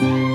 Thank you.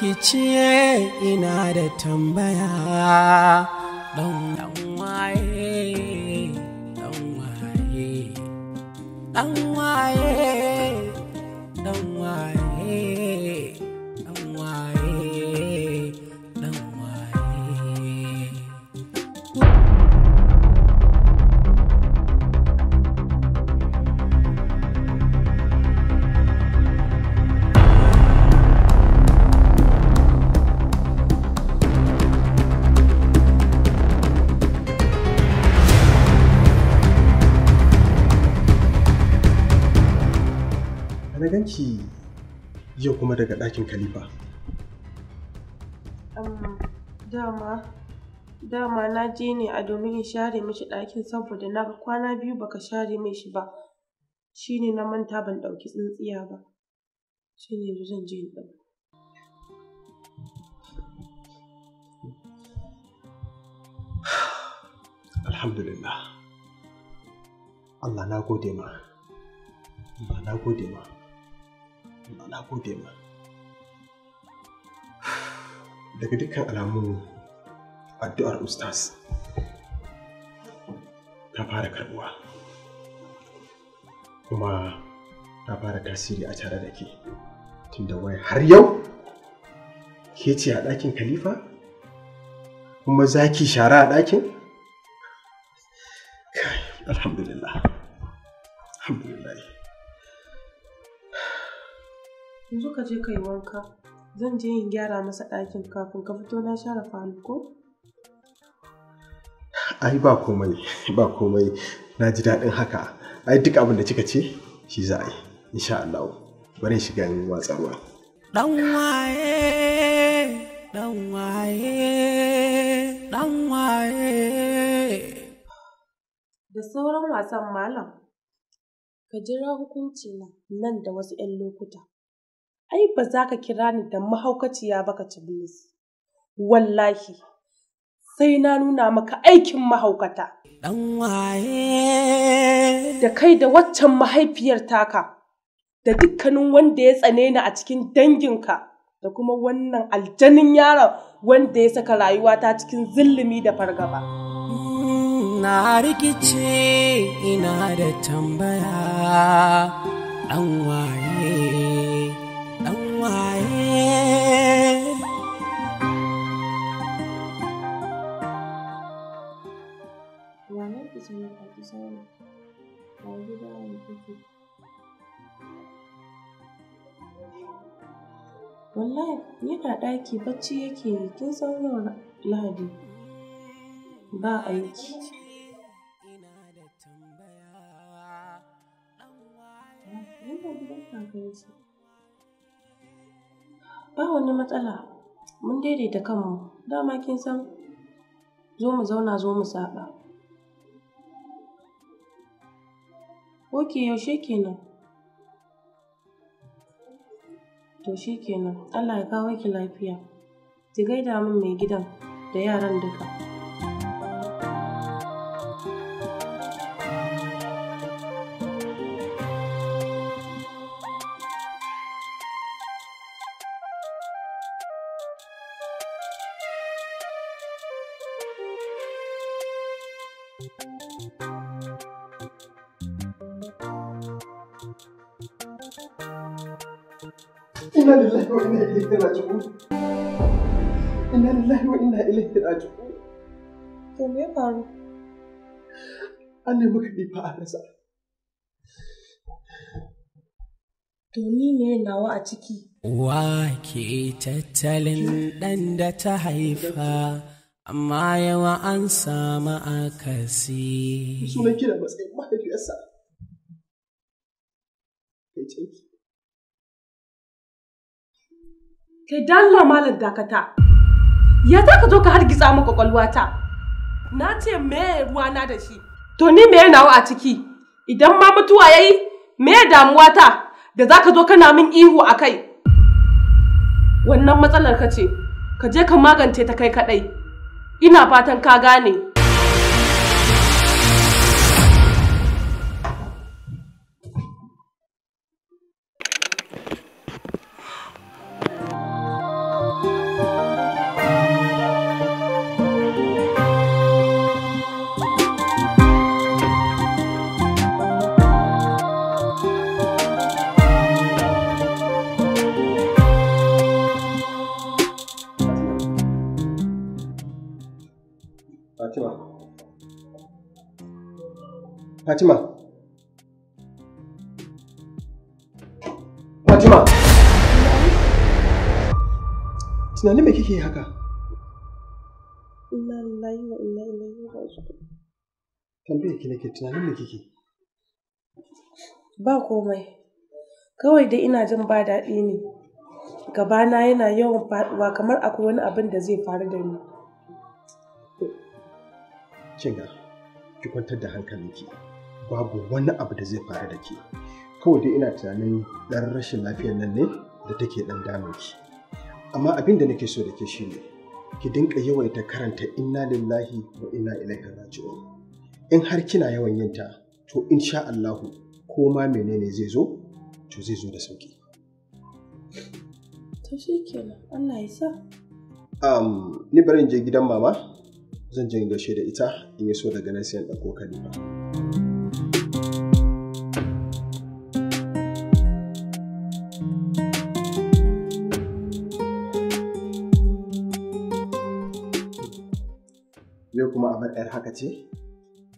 ki ce ina da tambaya ɗan waye ɗan waye ɗan waye ɗan waye ganki yau kuma daga ɗakin Khalifa. dama dama na je ne a domin in share mishi ɗakin saboda na kwana biyu baka share mai shi ba shine na manta ban ɗauki tsintsiya ba shine yanzu zan je in ɗauka. Alhamdulillah Allah na gode ma Allah na gode ma na gode ma daga dukkan alamu addu'ar ustaz ta fara karbuwa kuma ta fara tasiri a tare da ke tunda wai har yau ke ce a ɗakin khalifa kuma za ki shara a ɗakin alhamdulillah alhamdulillah yanzu ka je ka yi wanka zan je in gyara masa ɗakin kafin ka fito na share falo ko ai ba komai ba komai na ji daɗin haka ai duk abin da kika ce shi za a yi insha Allah bari shiga in watsa ruwa dan waye dan waye dan waye da sauran wasan malam ka jira hukunci na nan da wasu 'yan lokuta ai ba za ka kira ni da mahaukaciya ba ka ci bilis. Wallahi, sai na nuna maka aikin mahaukata. dan waye. Da kai da waccan mahaifiyar taka, da dukkanin wanda ya tsane ni a cikin danginka, da kuma wannan aljanin yaron wanda ya saka rayuwata cikin zillumi da fargaba. Mm, na rikice ina da tambaya ɗanwaye. waye. da ɗaki bacci yake yi kin san yau lahadi ba aiki ba wani matsala mun daidaita kanmu dama kin san zo mu zauna zo mu saɓa ok yaushe kenan To shi kenan, Allah ya kawo ki lafiya. Ki gaida min mai gidan da yaran duka. إنا لله وإنا إليه راجعون إنا لله وإنا إليه راجعون ilaihi raji'un to أنا ya faru an nemi kaɗi a nawa a ciki wa ke tattalin ɗan da ta haifa amma yawa an samu akasi sunan kira matsayin mahaifiyarsa kai ki Kai dalla malam dakata. Ya za ka zo ka hargitsa mu kwakwalwata? Na ce me na da shi. To ni me nawa a ciki? Idan ma mutuwa yayi me damuwata da za ka zo kana min ihu a kai? Wannan matsalar ka ce, ka je ka magance ta kai kaɗai. Ina fatan ka gane. Fatima. Fatima. Tunani me kike haka? Inna lillahi wa inna ilaihi raji'un. Tambaye ki nake tunanin me kike? Ba komai. Kawai dai ina jin ba daɗi ne. Gabana yana yawan faɗuwa kamar akwai wani abin da zai faru da ni. Kinga, ki kwantar da hankalinki. babu wani abu da zai faru da ke kawai dai ina tunanin ɗan rashin lafiyar nan ne da take ɗan damun ki amma abin da nake so da ke shine ki dinka yawaita karanta inna lillahi wa inna ilaihi raji'un in har kina yawan yin ta to insha Allah ko ma menene zai zo to zai zo da sauki to shikenan Allah ya sa um ni bari in je gidan mama zan je gaishe da ita in yi so daga nan sai in ɗauko kalima. yau kuma a bar yar haka ce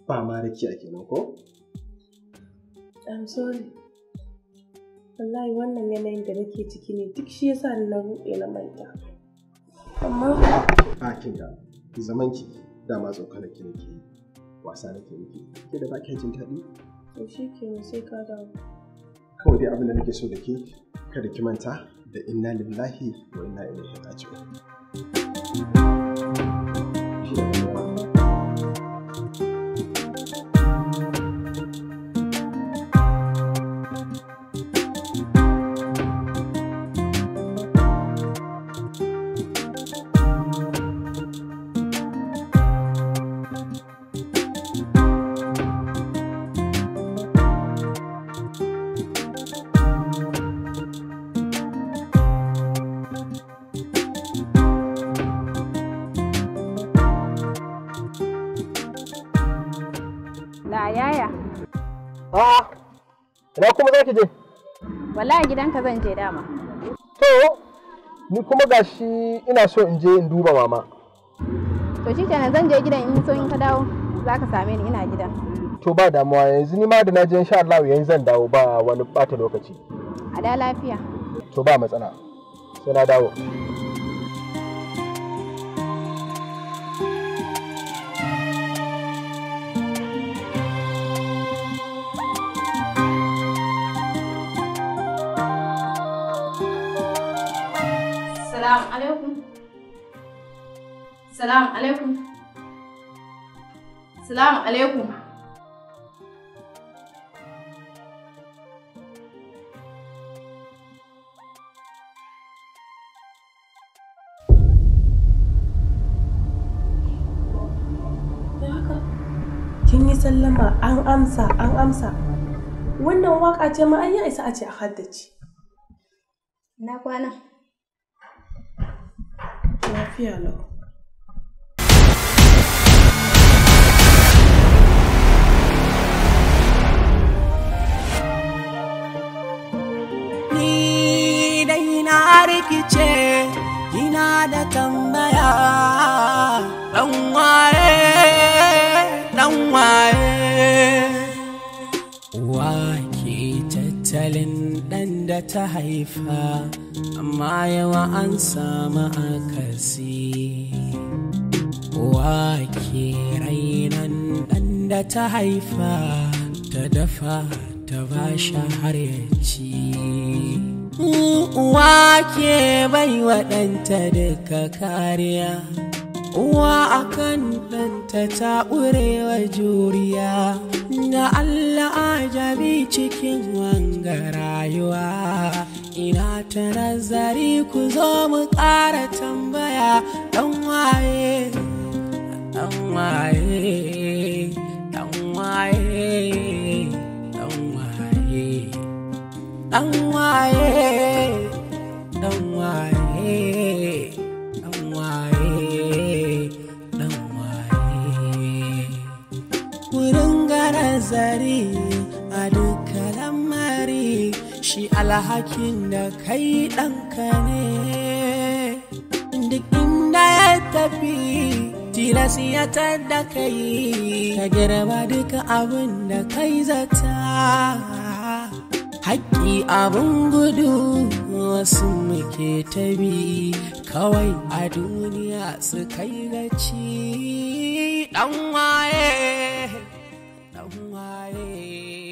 ba ma rakiya ke ko I'm sorry wallahi wannan yanayin da nake ciki ne duk shi yasa ni na buɗe na manta amma a kin ga zaman ki dama tsokana ki nake wasa ke nake ke da ba ki jin daɗi to shi kenan sai ka dawo kawai dai abin da nake so da ke kada ki manta da inna lillahi wa inna ilaihi raji'un thank you ki je? Wallahi gidanka zan je dama. To, ni kuma gashi ina so in je in duba mama. To shi kenan zan je gidan in so in ka dawo za ka same ni ina gidan. To ba damuwa yanzu ni ma da na je insha Allah yanzu zan dawo ba wani bata lokaci. A lafiya. To ba matsala. Sai na dawo. Salamu alaikum. Salamu alaikum. Kin yi sallama an amsa an amsa. Wannan waka ce ma an yi isa a ce a haddace. Na kwana. Lafiya lau. ta haifa amma yawa an samu akasi wake rainan ɗan da ta haifa ta dafa ta ba shi har ya ci uwa bai waɗanta duka kariya uwa akan ɗanta ta ɓurewa juriya na Allah cikin wanga rayuwa ina ta nazari ku zo mu ƙara tambaya ɗan waye ɗan waye ɗan waye ɗan waye ɗan waye ɗan waye alhakin da kai ɗanka ne duk inda ya tafi tilas ya da kai ka girma duka abin da kai zata haƙƙi abin gudu wasu muke tabi kawai a duniya su kai gaci ɗan waye ɗan waye